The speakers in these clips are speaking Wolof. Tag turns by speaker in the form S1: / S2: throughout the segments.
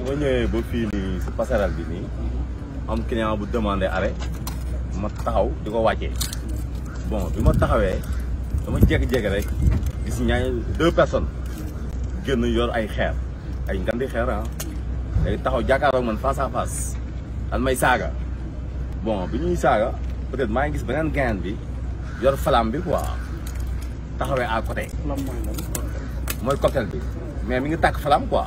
S1: su ma ñëwee ba fii nii si passerelle bi nii am client bu demandé arrêt ma taxaw di ko wàccee bon bi ma taxawee dama jékki-jékki rek gis ñaari deux personnes génn yor ay xeer ay ngandi xeer ah day taxaw jàkkaarloog man face à face may saaga bon bi ñuy saaga peut-être maa ngi gis beneen gain bi yor falaam bi quoi taxawee à côté. mooy cocktail bi mais mi ngi takk flamme quoi.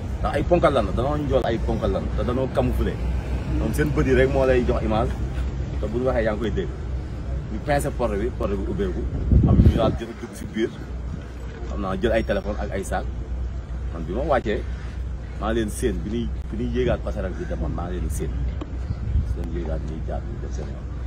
S1: da iphone kalan da non jol iphone kalan da da no camoufler non sen beudi rek mo lay jox image da buñ waxe yang koy deg ni pensé porte bi porte bi ubé gu am ñu dal jëf jëf ci biir am na jël ay téléphone ak ay sac man bima wacce ma len sen bi ni bi ni yégal passer ak di demone ma len sen sen yégal ni jaar ni def sen